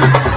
you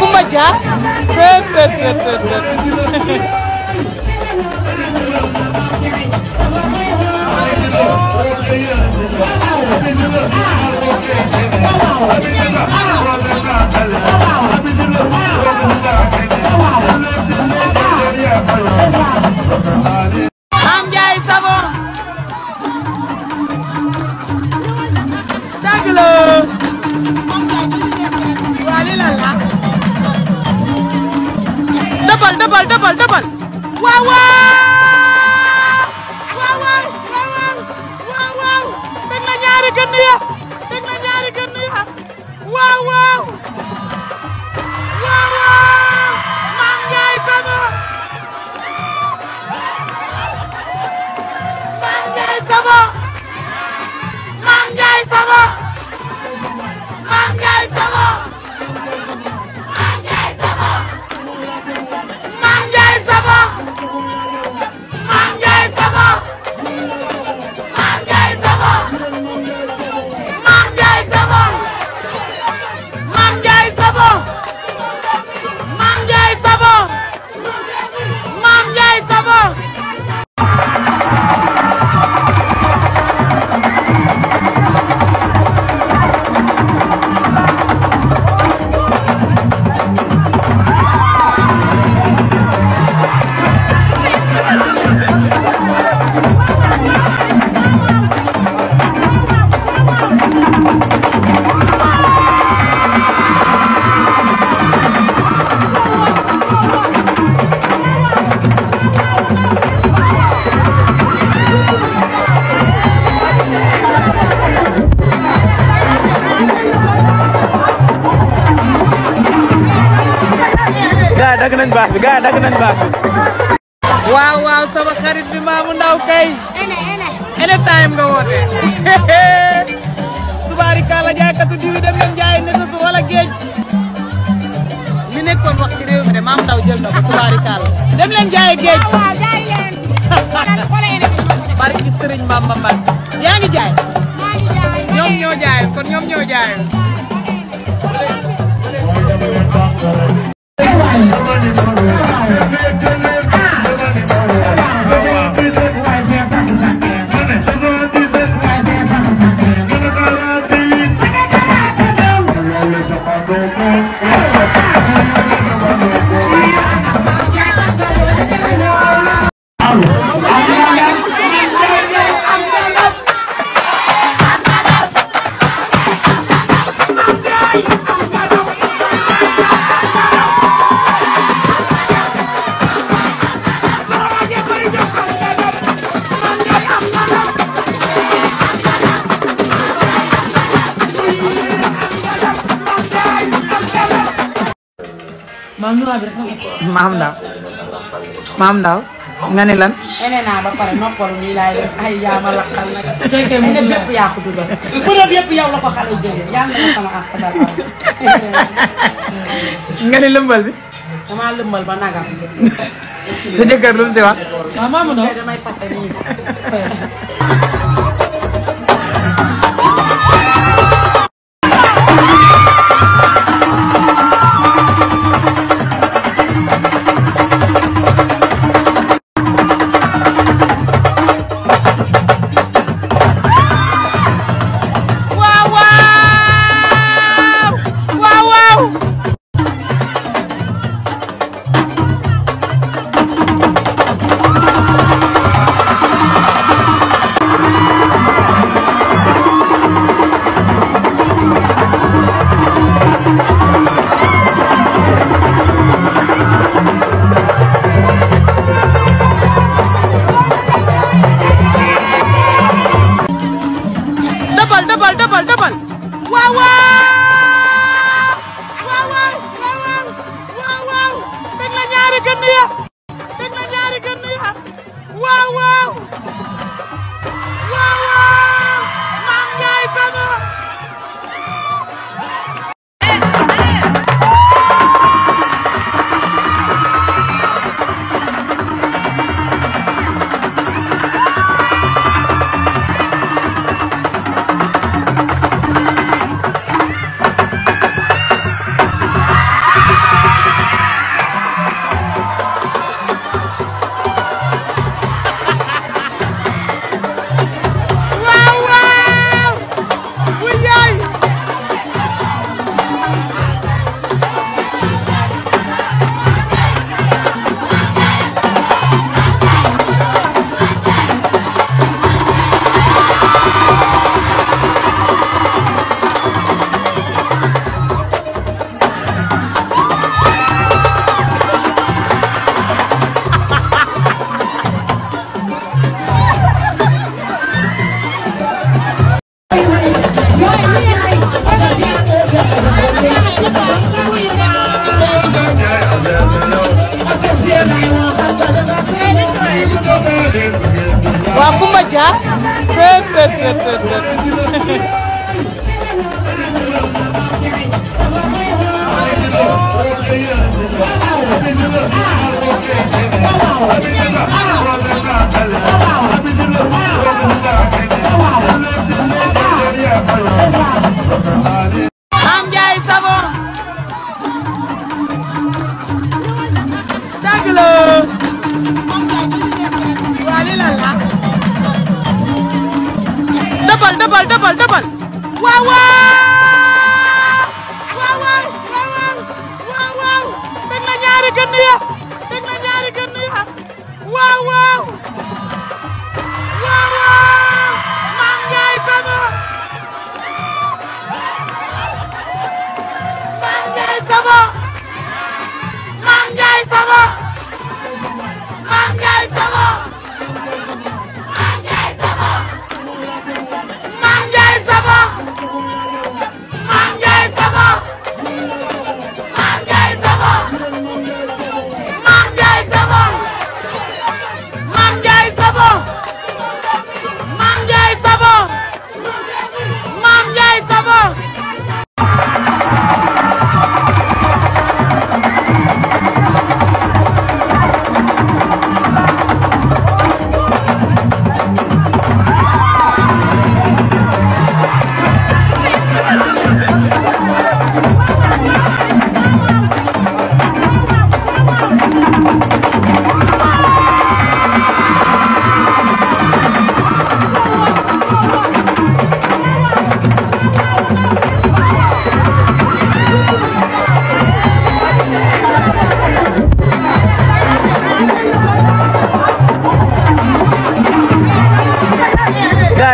Kumaja, fred, fred, go, fred, fred. Ah! nañ baas bi gars yi waaw waaw sama xarit bi Mamou Ndaw kay. ene ene ene time nga woote. tubaarikàlla jaaykatu diw yi dem leen jaay netatu wala géej. li nekkoon wax ci réew mi de Mamou Ndaw jël na ko tubaarikàlla dem leen yaa ngi jaay. ñoom ñoo jaay kon ñoom ñoo jaay. maam ndaw maam ndaw nga ne lan. nee ba pare noppalu nii ay yaa ma laqal nag. tey yaa ko na sama àq daal nga ne lëmbal bi. damaa lëmbal ba nagam. sa jëkkër si wax. maamu ndaw defal defal waaw waaw waaw waaw waaw waaw teg la ñaari gën ya waaw Kumba Dia fët fët fët fët Mame Ndiaye Savon dëbal dëbal dëbal waaw waaw waaw waaw waaw waaw waaw teg na ñaari gën ya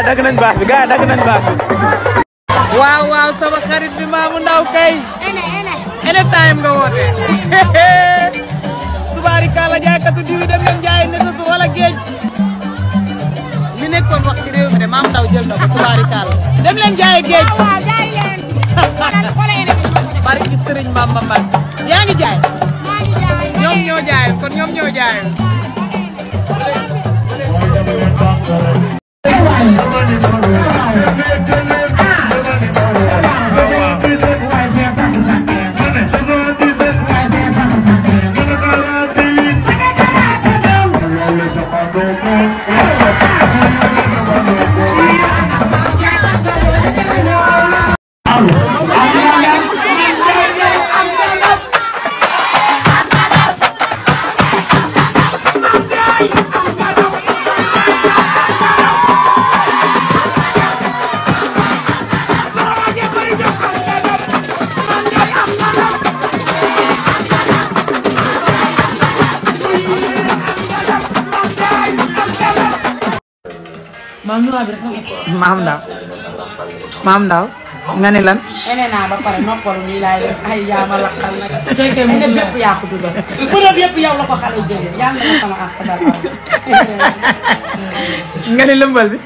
yi dagg nañ baas bi gars yi dagg nañ waaw waaw sama xarit bi Mamou Ndao kay. ene ene ene time nga woote. tubaarikàlla jaaykatu dem leen jaay netatu wala géej. li nekkoon wax ci dem leen jaay géej. barki sëriñ Mamba Mbacke yaa ngi jaay. ñoom ñoo jaayul kon ñoom ñoo jaayul. 哎。maam daaw maam daaw nga ne lan. nee naa ba pare noppalu nii laay def ay yaa ma laqal nag. tey ne bépp yaa ko dugal. bu doon yëpp yow la ko xale jëlee yàlla na sama àq daal nga ne lëmbal bi.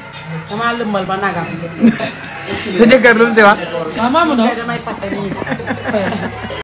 damaa lëmbal ba nagam. sa jëkkër lu mu si wax. waaw maamu damay fase nii